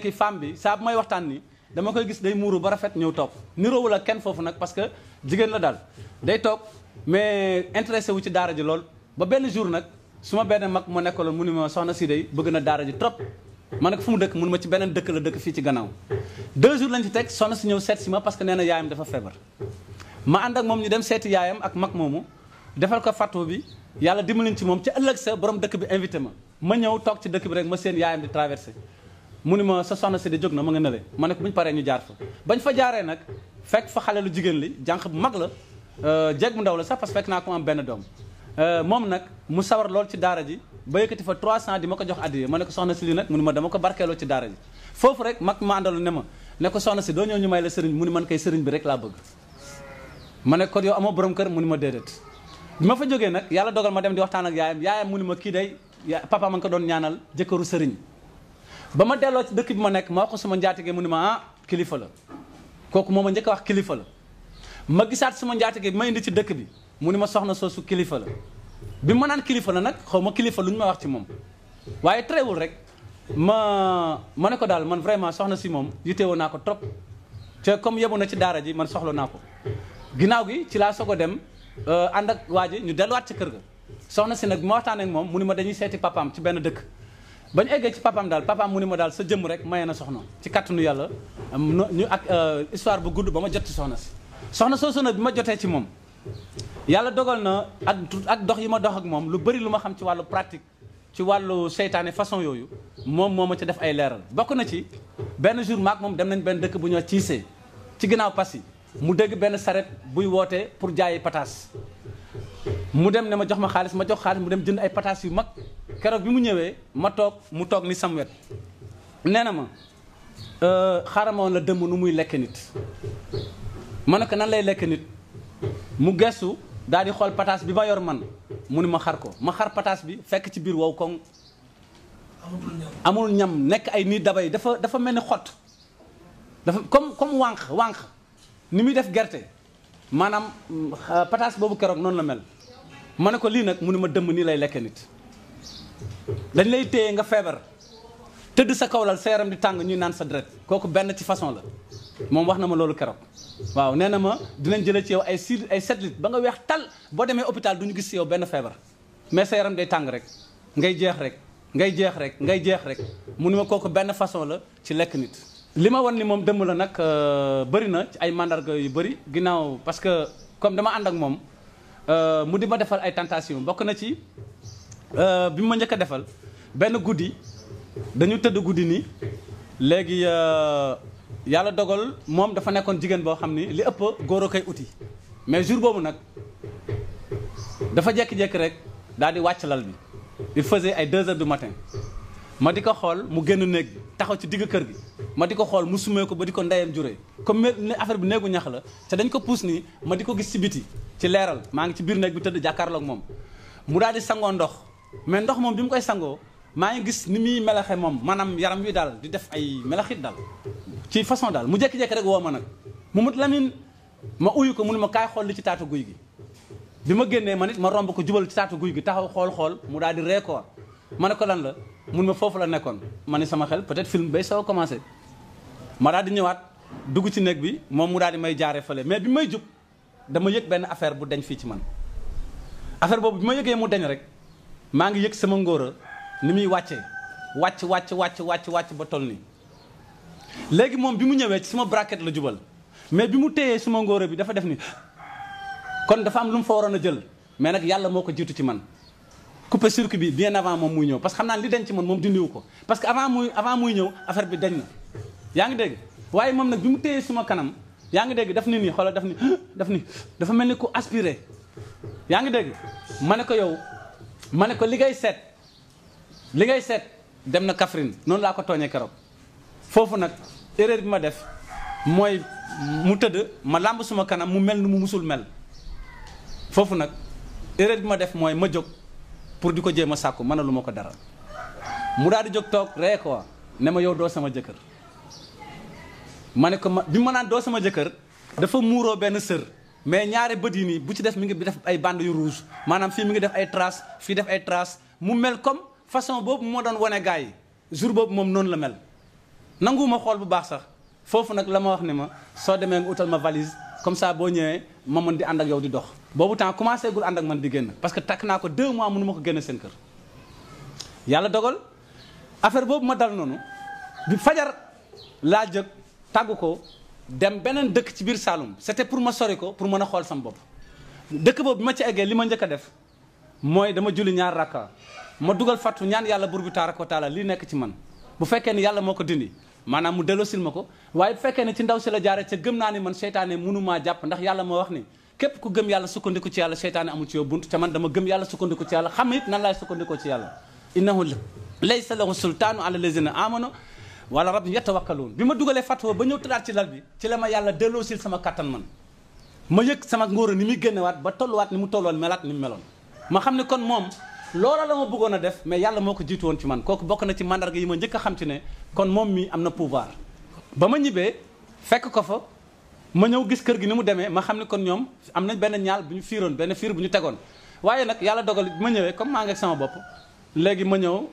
ki femme bi saa bu may waxtaan ni dama koy gis day muuru ba rafet ñëw topp niroowu la kenn foofu nag parce que jigéen la daal day toog mais intéressé wu ci daara ji lool ba benn jour nag su ma benn mag ma nekkaloon mu ni ma soxna si day bëgg na daara ji trop ma ne ko fu mu dëkk mun ma ci beneen dëkk la dëkk fii ci gannaaw deux jours lañ ci teg soxna si ñëw seet si ma parce que nee na yaayam dafa feebar ma ànd ak moom ñu dem seeti yaayam ak mag moomu defal ko fatwa bi yàlla dimbaliñ ci moom ci ëllëg sa borom dëkk bi invité ma ma ñëw toog ci dëkk bi rek ma seen yaayam di traversé mu ma sa soxna si de jóg na ma nga nële mané ko buñ paré ñu jaar fa bañ fa jaaré nak fekk fa xalé lu jigen li jank bu mag la euh, jeeg mu ndaw la sax parce fekk na ko am dom euh mom nak mu sawar lol ci daara ji ba yëkëti fa 300 di mako jox addiye mané ko soxna si li nag mu ma dama ko barkeeloo ci daara ji fofu rek mak ma àndal ne ma ne ko soxna si do ñëw ñu may la sëriñ mu man kay sëriñ bi rek la bëgg mané ko yow borom kër ma fa joggé nak yalla dogal ma dem di waxtaan ak yaayam yaayam mu day ya-, papa man ko doon ñaanal jëkëru sëriñ ba ma delloo ci dëkk bi ma nekk ma wax ko sama njaatige mu ne ma ah kilifa la kooku moom ma njëkk a wax kilifa la ma gisaat suma njaatige bi ma indi ci dëkk bi mu ne ma soxna soosu kilifa la bi ma naan kilifa la nag xaw ma kilifa lu ñu ma wax ci moom waaye terewul rek ma ma ne ko daal man vraiment soxna si moom yitteewoo naa ko trop te comme yebu na ci daara ji man soxla naa ko ginnaaw gi ci laa soog a dem euh, ànd ak waa ji ñu delluwaat ci kër ga soxna si nag ma waxtaan ak moom mu ne ma dañuy seeti papaam ci benn dëkk ba ñu eggee ci papaam daal papaam mu ni ma daal sa jëmm rek maye na soxna ci kàttanu yàlla ñu ak euh, histoire bu gudd ba ma jot ci soxna si soxna soosu nag bi ma jotee ci moom yàlla dogal na ak ak dox yi ma dox ak moom lu bëri lu ma xam ci wàllu pratique ci wàllu seytaane façon yooyu moom moo ma ci def ay leeral bokk na ci benn jour maak moom dem nañ benn dëkk bu ñoo ciisee ci ginnaaw pas yi mu dégg benn saret buy woote pour jaayi pataas mu dem ne ma jox ma xaalis ma jox xaalis mu dem jënd ay pataas yu mag keroog bi mu ñëwee ma toog mu toog ni sam wet nee na ma euh, xaaral ma woon la dëmm nu muy lekk nit ma ne ko nan lay lekk nit mu gestu daal di xool pataas bi ma yor man mu ni ma xar ko ma xar pataas bi fekk ci biir wow koŋ amul ñam nekk ay nii dabay dafa dafa mel ni xott dafa comme comme wànq wànq ni muy def gerte maanaam euh, pataas boobu keroog noonu la mel ma ne ko lii nag mu ni ma dëmm nii lay lekk nit dañ lay téye nga feebar tëdd sa kaw lal sa yaram di tàng ñuy naan sa deret kooku benn ci façon la moom wax na ma loolu keroog waaw nee na ma dinañ jëlee ci yow ay six ay sept ba nga weex tal boo demee hôpital du ñu gis ci yow benn feebar mais sa yaram day tàng rek ngay jeex rek ngay jeex rek ngay jeex rek mu ni ma kooku benn façon la ci lekk nit. li ma wan ni moom dëmm la nag euh, bëri na ci ay mandarga yu bëri ginnaaw parce que comme dama ànd ak moom euh, mu di ma defal ay tentation bokk na ci. Euh, bi ma njëkk a defal benn guddi dañu tëdd guddi nii léegi euh, yàlla dogal moom dafa nekkoon jigéen boo xam ni li ëpp góor koy uti mais jour boobu nag dafa jékki-jékki rek daal di wàcc lal bi il faisait ay deux heures du matin ma di ko xool mu génn néeg taxaw ci digg kër gi ma di ko xool mu sumee ko ba di ko ndeyam juree comme ne affaire bi néegu ñax la te dañ ko puus nii ma di ko gis ci biti ci leeral maa ngi ci biir néeg bi tëdd jàkkaarlook moom mu daal di sangoo ndox mais ndox moom bi mu koy sangoo maa ngi gis ni muy melaxe moom maanaam yaram wi daal di def ay melaxit daal ci façon daal mu jékki-jékki rek woo ma nag mu mut lamin ma uyu ko mu ne ma kaay xool li ci taatu guy gi bi ma génnee ma nit ma romb ko jubal ci taatu guy gi taxaw xool-xool mu daal di reekoor ma ne ko lan la mun ma foofu la nekkoon ma ne sama xel peut-être film bay soo commencé ma daal di ñëwaat dugg ci néeg bi moom mu daal di may jaare fale mais bi may jub dama yëg benn affaire bu deñ fii ci man affaire boobu ma yëgee mu deñ rek maa ngi yëg sama ngóora ni muy wàcce wàcc wàcc wàcc wàcc wàcc ba toll nii léegi moom bi mu ñëwee ci sama braquette la jubal mais bi mu téyee suma ngóora bi dafa def ni kon dafa am lu mu fa waroon a jël mais nag yàlla moo ko jiitu ci man coupé circuit bi bien avant moom muy ñëw parce que xam naa li denc ci man moom dindiwu ko parce que avant muy avant muy ñëw affaire bi dañ na yaa ngi dégg waaye moom nag bi mu téyee suma kanam yaa ngi dégg daf ni nii xoolal daf ni daf ni dafa mel ni ku aspiré yaa ngi dégg ma ne ko yow ma ne ko li ngay seet li ngay seet dem na Kaffrine noonu laa ko tooñee keroog foofu nag erreur bi ma def mooy mu tëdd ma làmb suma kanam mu mel ni mu musul mel foofu nag erreur bi ma def mooy ma jóg pour di ko jéem a sàkku mën a lu ma ko dara mu daal di jóg toog ree ko ne ma yow doo sama jëkkër ma ne ko ma bi ma naan doo sama jëkkër dafa muuroo benn sër mais ñaari bët yi nii bu ci def mi ngi def ay bandes yu rouge maanaam fii mu ngi def ay tras fii def ay tras mu mel comme façon boobu moo doon wane gars yi jour boobu moom noonu la mel. nanguwuma xool bu baax sax foofu nag la ma wax ne ma soo demee nga utal ma valise comme ça boo ñëwee ma mën di ànd ak yow di dox. boobu temps commencé gul ànd ak man di génn parce que takk naa ko deux mois mënu ma ko génne seen kër yàlla dogal affaire boobu ma dal noonu bi fajar laa jëg ko. dem beneen dëkk ci biir Saloum c'était pour ma sori ko pour mën a xool sama bopp dëkk boobu bi ma ci eggee li ma njëkk a def mooy dama julli ñaar rakka ma dugal fàttu ñaan yàlla buur bi taaraka wa taala lii nekk ci man bu fekkee ni yàlla moo ko dindi maanaam mu delloosil ma ko waaye bu fekkee ne ci ndaw si la jaare ca gëm naa ni man seytaane mënumaa jàpp ndax yàlla moo wax ni képp ku gëm yàlla sukkandiku ci yàlla seytaane amul ci yow bunt ca man dama gëm yàlla sukkandiku ci yàlla xam it nan laay sukkandikoo ci yàlla innahu laysa lahu sultaanu ala lazina amanu wala rabbihim yatawakkaluun bi ma dugalee fatwa ba ñëw tëddaat ci lal bi ci la ma yàlla delloo sil sama kattan man ma yëg sama ngóor ni muy génnewaat ba tolluwaat ni mu tolloon melaat ni mu meloon ma xam ne kon moom loola la ma bëggoon a def mais yàlla moo ko jiitu ci man kooku na ci mandarga yi ma njëkk xam ci ne kon moom mi am na pouvoir ba ma ñibbee fekk ko fa ma ñëw gis kër gi ni mu demee ma xam ne kon ñoom am nañ benn ñaal bu ñu fiiroon benn fiir bu ñu tegoon waaye nag yàlla dogal ma ñëwee comme maa ngi ak sama bopp léegi ma ñëw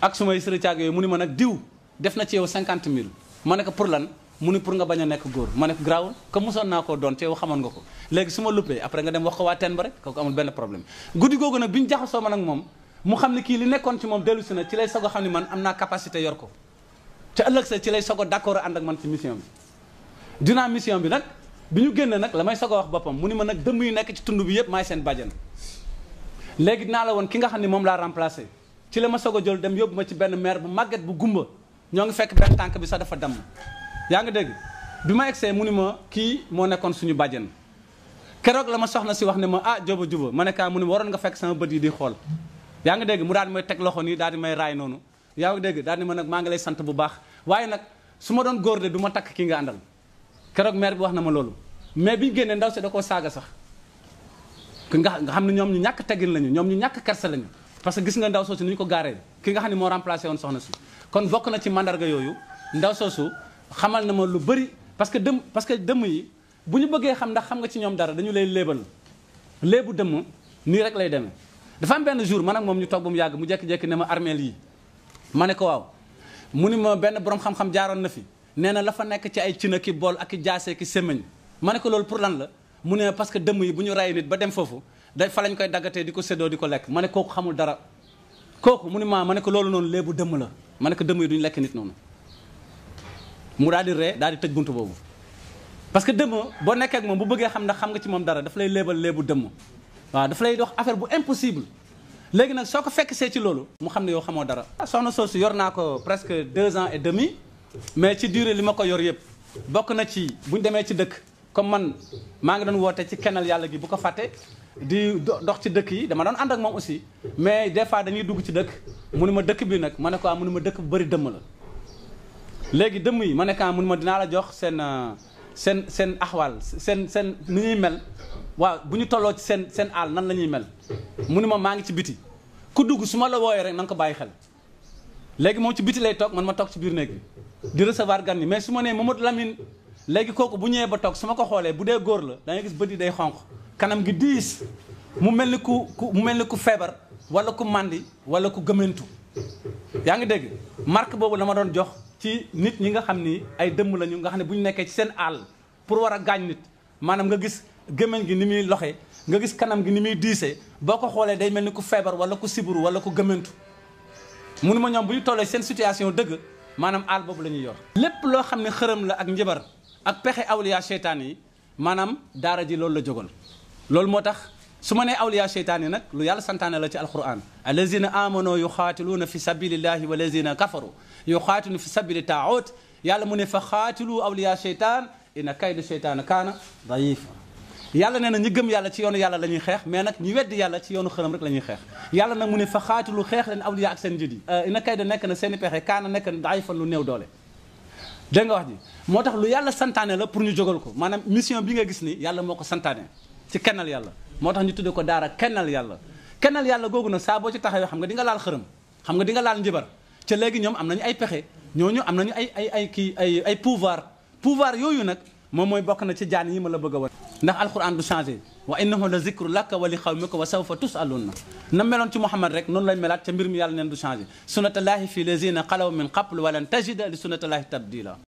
ak sumay sërëcaag yooyu mu ni ma nag diw def na ci yow cinquante mille ma ne ko pour lan mu ni pour nga bañ a nekk góor ma ne ko garaawul soon naa ko doon te yow xamoon nga ko léegi su ma luppee après nga dem wax ko waa teen ba rek kooku amul benn problème guddi googu nag bi ñu jaxasoo man ak moom mu xam ne kii li nekkoon ci moom dellu si na ci lay soog xam ne man am naa capacité yor ko te ëllëg sa ci lay soog a d'accord ànd ak man ci mission bi dinaa mission bi nag bi ñu génnee nag la may wax boppam mu ni ma nag dëmm yu nekk ci tund bi yëpp maay seen bàjjen léegi dinaa la woon ki nga xam ne moom laa remplacé ci la ma soog a jël dem yóbbu ci benn maire bu màgget bu gumba ñoo ngi fekk ben tank bi sa dafa damm ya nga deg bi ma egsee mu ni ma kii suñu badjan kérok lama soxna ci wax ne ma ah jobu juba mané ka munima waron nga fekk sama bët yi di xol ya nga deg mu daal may tek loxo ni daal di may ray nonu ya nga deg daal ni ma nak ma nga lay sante bu baax waye nak suma don doon góor de du ma ki nga andal kérok mère bi wax na ma lolu mais biñu génnee ndaw ci da ko saga sax ki nga xamni ñom ñu ñak teggin lañu ñom ñu ñak kersa lañu parce que gis nga ndaw soosu ni ñu ko garé ki nga xamni mo remplacer won soxna si kon bokk na ci mandarga yooyu ndaw soosu xamal na ma lu bëri parce que dëmm parce que dëmm yi bu ñu bëggee xam ndax xam nga ci ñoom dara dañu lay léebal léebu dëmm nii rek lay demee. dafa am benn jour man nag moom ñu toog ba mu yàgg mu jékki-jékki ne ma armeel yi ma ne ko waaw mu ni ma benn borom xam-xam jaaroon na fi nee na la fa nekk ci ay cina ki bool ak i jaase ki semañ ma ne ko loolu pour lan la mu ne parce que dëmm yi bu ñu rey nit ba dem foofu day fa lañ koy daggatee di ko séddoo di ko lekk ma ne kooku xamul dara. kooku mu ne maa ma ne ko loolu noonu léebu dëmm la ma ne ko dëmm yi duñu lekk nit noonu mu daal di ree daal di tëj bunt boobu parce que dëmm boo nekkee ak moom bu bëggee xam ndax xam nga ci moom dara daf lay léebal léebu dëmm waaw daf lay dox affaire bu impossible léegi nag soo ko fekk see ci loolu mu xam ne yow xamoo dara ah, soxna si yor naa ko presque deux ans et demi mais ci durée li ma ko yor yëpp bokk na ci buñ demee ci dëkk comme man maa ngi doon woote ci kennal gi bu ko fàtte di dox ci dëkk yi dama doon and ak mom aussi mais des fois dañuy dugg ci dëkk munu ma dëkk bi nag ma ne ko ah, munu ma dëkk bu dëmm la léegi dëmm yi ma ne ko ah, munu ma dinaa la jox seen euh, seen seen axwaal seen seen nu ñuy mel waaw bu ñu tolloo ci seen seen àll nan la ñuy mel munu ma maa ngi ci biti ku dugg suma la wooyee rek na nga ko bàyyi xel léegi moom ci biti lay toog man ma toog ci biir néeg bi di recevoir gan yi mais su ma nee Mamadou Lamine léegi kooku bu ñëwee ba toog su ma ko xoolee bu dee la da gis bëti day xonq kanam gi diis mu mel ni ku ku mu mel ni ku feebar wala ku màndi wala ku gëmëntu yaa ngi dégg marque boobu la ma doon jox ci nit ñi nga xam ni ay dëmm lañu nga xam ne bu ñu nekkee ci seen àll pour war a gaañ nit maanaam nga gis gémmiñ gi ni muy loxe nga gis kanam gi ni muy diisee boo ko xoolee day mel ni ku feebar wala ku siburu wala ku gëmëntu munu ma ñoom bu ñu tollee seen situation dëgg maanaam àll boobu la ñuy yor. lépp loo xam ne xërëm la ak njëbar ak pexe awliya seytaan yi maanaam daara ji loolu la jógal. loolu moo tax su ma nee awliya seytaane nag lu yàlla santaane la ci alquran allazina amano yuxaatiluuna fi sabilillahi walazina kafaru yuxaatiluuna fi sabili taaut yàlla mu ne fa xaatilu awliya seytaan ina kaydu seytaan kaana daifa yàlla nee na ñu gëm yàlla ci yoonu yàlla la ñuy xeex mais nag ñu weddi yàlla ci yoonu xërëm rek la ñuy xeex yàlla nag mu ne fa xaatilu xeex leen awliya ak seen jëdi ina kaydu nekk na seen i pexe kaana nekk na daifan lu néew doole dégg nga wax ji moo tax lu yàlla santaane la pour ñu jógal ko maanaam mission bi nga gis ni yàlla moo ko santaane ci kennal yàlla motax ñu tudde ko daara kennal yàlla kennal yàlla gogu na sa bo ci taxawee xam nga di nga laal xërëm xam nga di nga laal njibar ci légui ñom am nañu ay pexe ñooñu am nañu ay ay ay ki ay ay pouvoir pouvoir yoyu nak mom moy bok na ci jaan yi ma la bëgg a ndax alquran du changer wa innahu la zikru laka wa li xawmika wa sawfa tusaluna na meloon ci muhammad rek non lañ melat ci mbir mi yàlla neen du changer sunnatullahi fi lazina qalu min qabl wa lan tajida li sunnatullahi tabdila